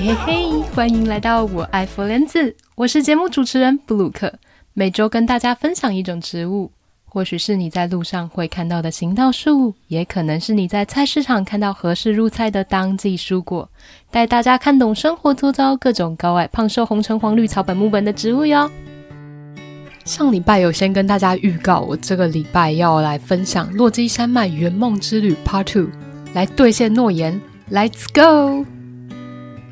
嘿嘿，hey, hey, hey, 歡迎來到我愛佛蓮子，我是節目主持人布魯克，每周跟大家分享一種植物，或許是你在路上會看到的行道樹，也可能是你在菜市場看到合適入菜的當季蔬果，帶大家看懂生活周遭各種高矮胖瘦紅橙黃綠草本木本的植物喲。上禮拜有先跟大家預告，我這個禮拜要來分享洛基山脈圓夢之旅 Part Two，來兌現諾言，Let's go！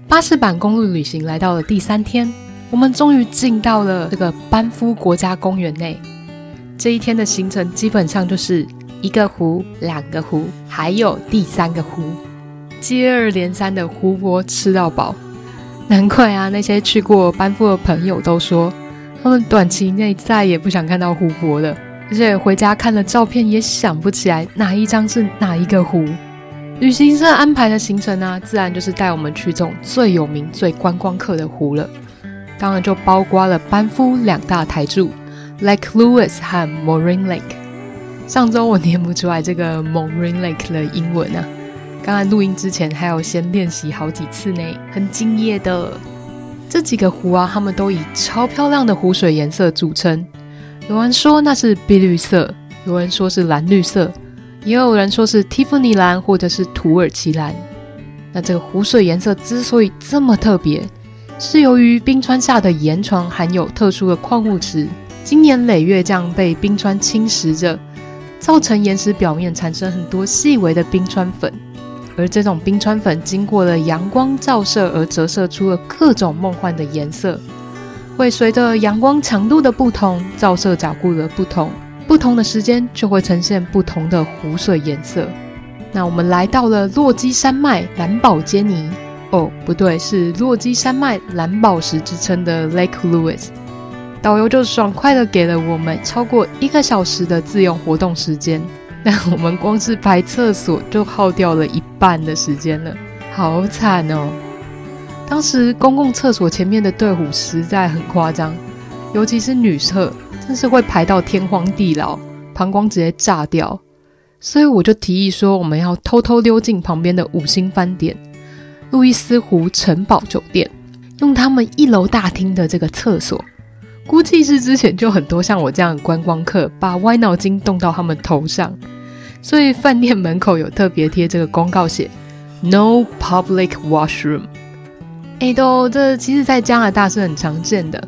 巴士版公路旅行來到了第三天，我們終於進到了這個班夫國家公園內。這一天的行程基本上就是一個湖、兩個湖，還有第三個湖，接二連三的湖泊吃到飽。難怪啊，那些去過班夫的朋友都說，他們短期內再也不想看到湖泊了，而且回家看了照片也想不起來哪一張是哪一個湖。旅行社安排的行程呢、啊，自然就是帶我們去這種最有名、最觀光客的湖了。當然就包括了班夫兩大台柱 Lake Louise 和 Moraine Lake。上周我念不出來這個 Moraine Lake 的英文啊，剛才錄音之前還要先練習好幾次呢，很敬業的。這幾個湖啊，他們都以超漂亮的湖水顏色著稱。有人說那是碧綠色，有人說是藍綠色。也有人說是蒂芙尼藍，或者是土耳其藍。那這個湖水顏色之所以這麼特別，是由於冰川下的岩床含有特殊的礦物質，經年累月這樣被冰川侵蝕着，造成岩石表面產生很多細微的冰川粉。而這種冰川粉經過了陽光照射而折射出了各種夢幻的顏色，會隨着陽光強度的不同，照射角度的不同，不同的時間就會呈現不同的湖水顏色。那我們來到了洛基山脈藍寶堅尼哦，不對，是洛基山脈藍寶石之稱的 Lake Louise。導遊就爽快地給了我們超過一個小時的自由活動時間。那我們光是排廁所就耗掉了一半的時間了，好慘哦！當時公共廁所前面的隊伍實在很誇張，尤其是女廁。但是會排到天荒地老，膀胱直接炸掉。所以我就提議說，我們要偷偷溜進旁邊的五星飯店，路易斯湖城堡酒店，用他們一樓大廳的這個廁所。估計是之前就很多像我這樣的觀光客把歪腦筋動到他們頭上，所以飯店門口有特別貼這個公告寫 “No public washroom”。哎，都，這其實在加拿大是很常見的。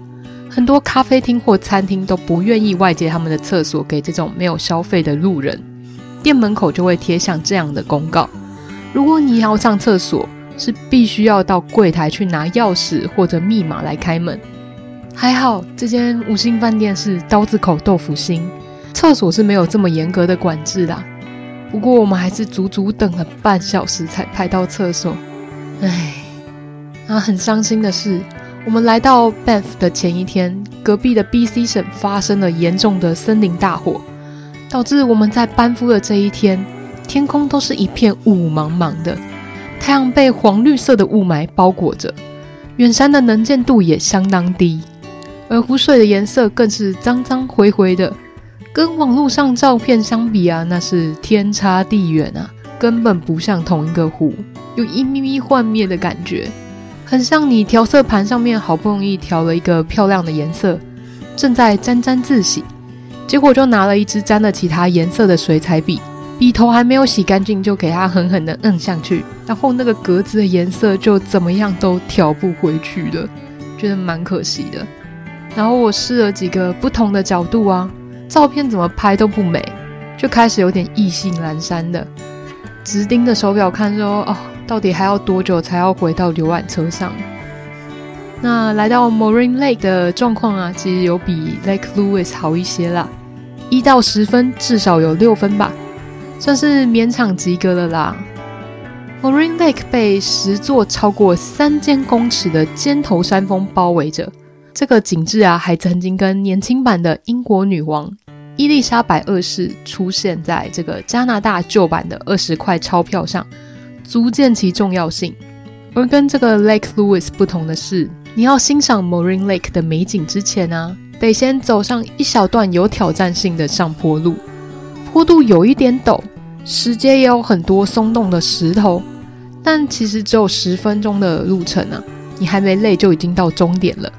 很多咖啡廳或餐廳都不願意外借他們的廁所給這種沒有消費的路人，店門口就會貼上這樣的公告：如果你要上廁所，是必須要到櫃台去拿鑰匙或者密碼來開門。還好這間五星飯店是刀子口豆腐心，廁所是沒有這麼嚴格的管制的。不過我們還是足足等了半小時才排到廁所，唉，啊，很傷心的是。我們來到班夫的前一天，隔壁的 BC 省發生了嚴重的森林大火，導致我們在班夫的這一天，天空都是一片霧茫茫的，太陽被黃綠色的霧霾包裹着，遠山的能見度也相當低，而湖水的顏色更是髒髒灰灰的，跟網絡上照片相比啊，那是天差地遠啊，根本不像同一個湖，有一咪咪幻滅的感覺。很像你調色盤上面好不容易調了一個漂亮的顏色，正在沾沾自喜，結果就拿了一支沾了其他顏色的水彩筆，筆頭還沒有洗乾淨就給它狠狠的摁下去，然後那個格子的顏色就怎麼樣都調不回去了，覺得蠻可惜的。然後我試了幾個不同的角度啊，照片怎麼拍都不美，就開始有點意興闌珊的，直盯着手錶看說哦。到底還要多久才要回到遊覽車上？那來到 Moraine Lake 的狀況啊，其實有比 Lake Louise 好一些啦。一到十分，至少有六分吧，算是勉強及格了啦。Moraine Lake 被十座超過三千公尺的尖頭山峰包圍着，這個景致啊，還曾經跟年輕版的英國女王伊麗莎白二世出現在這個加拿大舊版的二十塊鈔票上。足見其重要性。而跟這個 Lake Louise 不同的是，你要欣賞 Moraine Lake 的美景之前啊，得先走上一小段有挑戰性的上坡路，坡度有一點陡，石階也有很多鬆動的石頭。但其實只有十分鐘的路程啊，你還沒累就已經到終點了。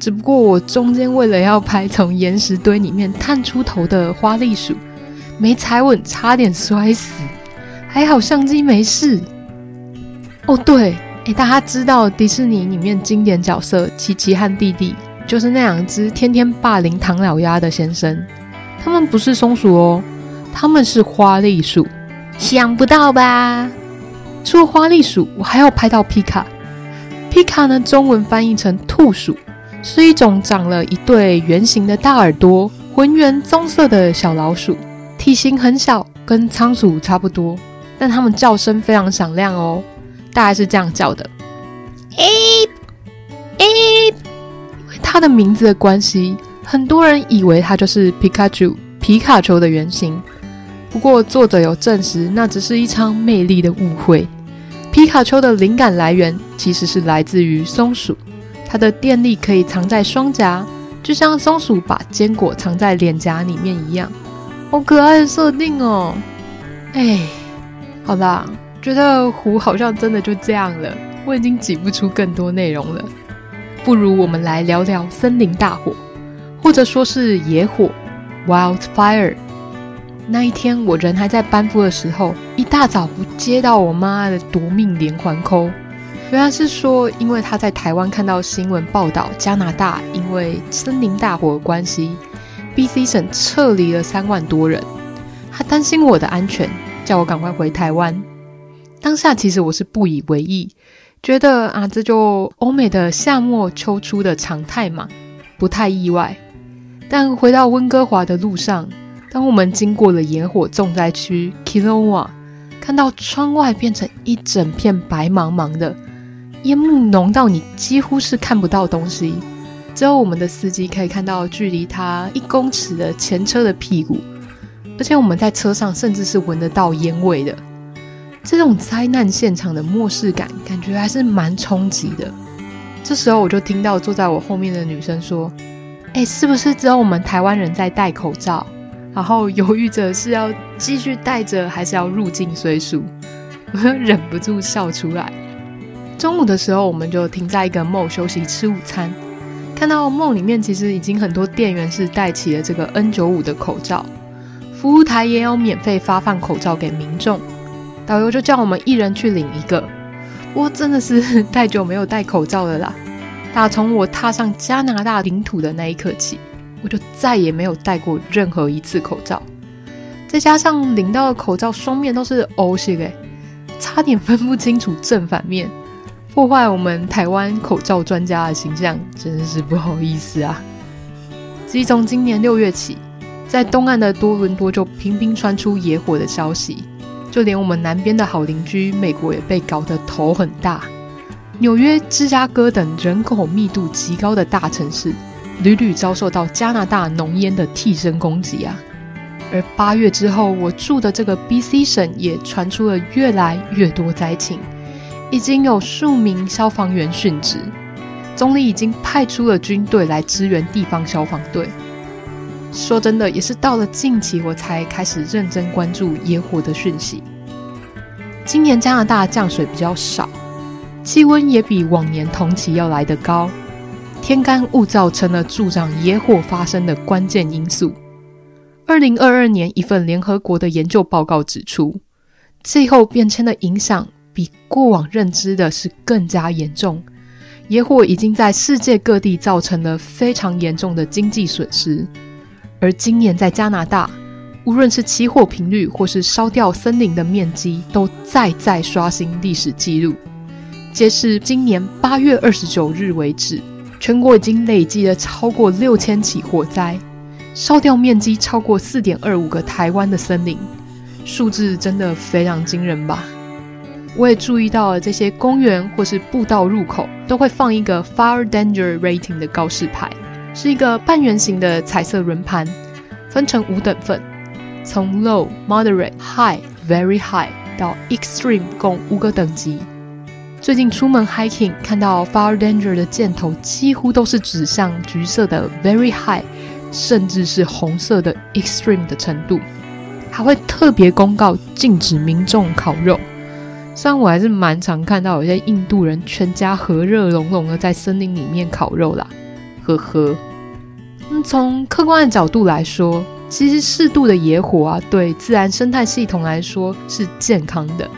只不過我中間為了要拍從岩石堆裡面探出頭的花栗鼠，沒踩穩差點摔死。還好相機沒事。哦，對，哎，大家知道迪士尼裡面經典角色奇奇和蒂蒂，就是那兩隻天天霸凌唐老鴨的先生，他們不是松鼠哦，他們是花栗鼠。想不到吧？除了花栗鼠，我還有拍到皮卡。皮卡呢，中文翻譯成兔鼠，是一種長了一對圓形的大耳朵、渾圓棕色的小老鼠，體型很小，跟倉鼠差不多。但他們叫聲非常響亮哦，大概是這樣叫的。欸欸，因為它的名字的關係，很多人以為它就是皮卡丘，皮卡丘的原型。不過作者有證實，那只是一場美麗的誤會。皮卡丘的靈感來源其實是來自於松鼠，它的電力可以藏在雙頰，就像松鼠把堅果藏在臉頰裡面一樣，好可愛的設定哦！哎。好啦，覺得湖好像真的就這樣了，我已經擠不出更多內容了。不如我們來聊聊森林大火，或者說是野火 （wildfire）。那一天我人還在班夫的時候，一大早不接到我媽的奪命連環 call，原來是說因為她在台灣看到新聞報道，加拿大因為森林大火的關係，BC 省撤離了三萬多人，她擔心我的安全。叫我趕快回台灣。當下其實我是不以為意，覺得啊，這就歐美的夏末秋初的常態嘛，不太意外。但回到溫哥華的路上，當我們經過了野火重災區 Kelowna，看到窗外變成一整片白茫茫的烟霧，濃到你幾乎是看不到東西。之後我們的司機可以看到距離他一公尺的前車的屁股。而且我們在車上，甚至是聞得到煙味的，這種災難現場的末世感，感覺還是蠻衝擊的。這時候我就聽到坐在我後面的女生說：“哎，是不是只有我們台灣人在戴口罩？然後猶豫着是要繼續戴着，還是要入境隨俗？”我就忍不住笑出來。中午的時候，我們就停在一個 mall 休息吃午餐，看到 mall 裡面其實已經很多店員是戴起了這個 N95 的口罩。服務臺也有免費發放口罩給民眾，導遊就叫我們一人去領一個。我真的是太久沒有戴口罩了啦，打從我踏上加拿大領土的那一刻起，我就再也沒有戴過任何一次口罩。再加上領到的口罩雙面都是 O 型的，差點分不清楚正反面，破壞我們台灣口罩專家的形象，真是不好意思啊。自從今年六月起，在東岸的多倫多就頻頻傳出野火的消息，就連我們南邊的好鄰居美國也被搞得頭很大。紐約、芝加哥等人口密度極高的大城市，屢屢遭受到加拿大濃煙的替身攻擊啊！而八月之後，我住的這個 BC 省也傳出了越來越多災情，已經有數名消防員殉職，總理已經派出了軍隊來支援地方消防隊。說真的，也是到了近期我才開始認真關注野火的訊息。今年加拿大降水比較少，氣溫也比往年同期要來得高，天乾物燥成了助長野火發生的關鍵因素。二零二二年，一份聯合國的研究報告指出，氣候變遷的影響比過往認知的是更加嚴重，野火已經在世界各地造成了非常嚴重的經濟損失。而今年在加拿大，無論是起火頻率，或是燒掉森林的面積，都再再刷新歷史記錄。截至今年八月二十九日為止，全國已經累計了超過六千起火災，燒掉面積超過四點二五個台灣的森林，數字真的非常驚人吧？我也注意到了，這些公園或是步道入口都會放一個 Fire Danger Rating 的告示牌。是一個半圓形的彩色輪盤，分成五等份，從 low、moderate、high、very high 到 extreme 共五個等級。最近出門 hiking 看到 fire danger 的箭頭幾乎都是指向橘色的 very high，甚至是紅色的 extreme 的程度。還會特別公告禁止民眾烤肉。雖然我還是蠻常看到有些印度人全家和熱融融的在森林裡面烤肉啦。呵呵、嗯，從客觀的角度來說，其實適度的野火啊，對自然生態系統來說是健康的。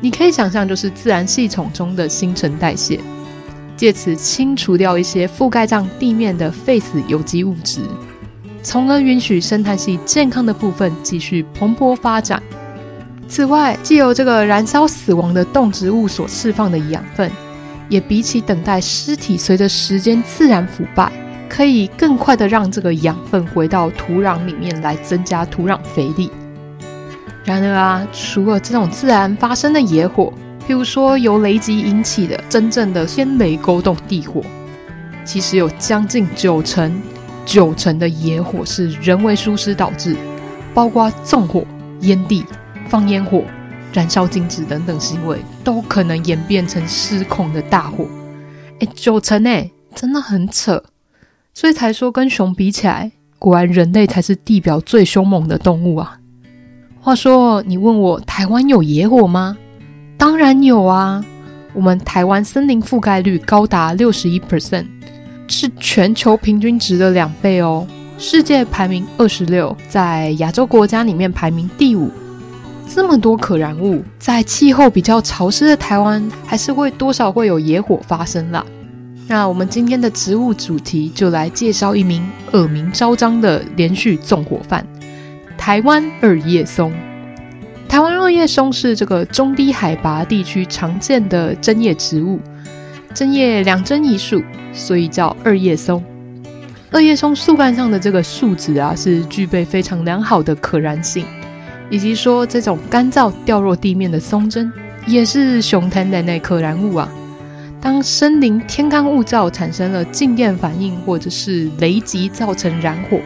你可以想象，就是自然系統中的新陳代謝，借此清除掉一些覆蓋在地面的廢死有機物質，從而允許生態系健康的部分繼續蓬勃發展。此外，既有這個燃燒死亡的動植物所釋放的養分。也比起等待屍體隨着時間自然腐敗，可以更快的讓這個養分回到土壤裡面來增加土壤肥力。然而啊，除了這種自然發生的野火，譬如說由雷擊引起的真正的天雷勾動地火，其實有將近九成九成的野火是人為疏失導致，包括縱火、菸蒂、放煙火。燃燒、金紙等等行為，都可能演變成失控的大火。誒、欸、九成誒、欸、真的很扯，所以才說跟熊比起來，果然人類才是地表最兇猛的動物啊。話說，你問我台灣有野火嗎？當然有啊，我們台灣森林覆蓋率高達六十一 percent，是全球平均值的兩倍哦。世界排名二十六，在亞洲國家裡面排名第五。這麼多可燃物，在氣候比較潮濕的台灣，還是會多少會有野火發生啦。那我們今天的植物主題就來介紹一名惡名昭彰的連續縱火犯——台灣二葉松。台灣二葉松是這個中低海拔地區常見的針葉植物，針葉兩針一束，所以叫二葉松。二葉松樹幹上的這個樹脂啊，是具備非常良好的可燃性。以及說，這種乾燥掉落地面的松針也是熊攤的那可燃物啊。當森林天乾物燥，產生了靜電反應，或者是雷擊造成燃火，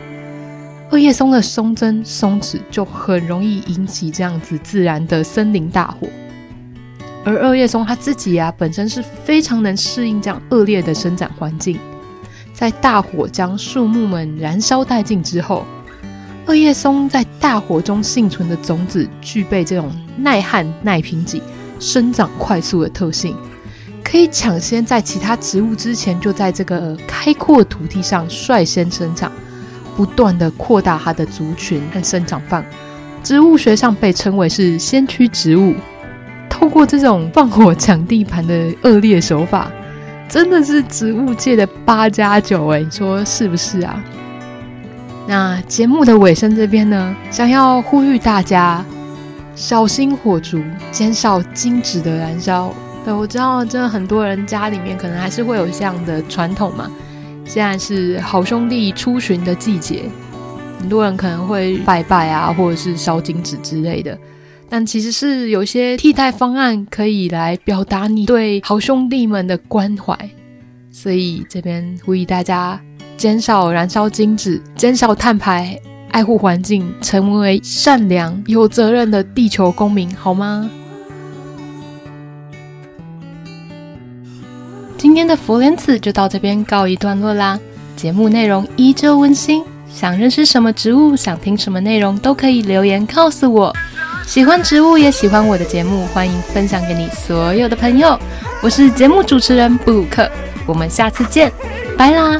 二葉松的松針、松脂就很容易引起這樣子自然的森林大火。而二葉松它自己啊，本身是非常能適應這樣惡劣的生長環境。在大火將樹木們燃燒殆盡之後，二葉松在大火中倖存的種子具備這種耐旱、耐貧瘠、生長快速的特性，可以搶先在其他植物之前就在這個開闊的土地上率先生長，不斷的擴大它的族群和生長範圍，植物學上被稱為是先驅植物。透過這種放火搶地盤的惡劣手法，真的是植物界的八加九誒，你說是不是啊？那節目的尾聲這邊呢，想要呼籲大家小心火燭，減少金紙的燃燒。對，我知道，真的很多人家裡面可能還是會有這樣的傳統嘛。現在是好兄弟出巡的季節，很多人可能會拜拜啊，或者是燒金紙之類的。但其實是有些替代方案可以來表達你對好兄弟們的關懷，所以這邊呼籲大家。減少燃燒精子，減少碳排，愛護環境，成為善良有責任的地球公民，好嗎？今天的佛蓮子就到這邊告一段落啦。節目內容依舊溫馨，想認識什麼植物，想聽什麼內容都可以留言告訴我。喜歡植物也喜歡我的節目，歡迎分享給你所有的朋友。我是節目主持人布魯克，我們下次見，拜啦！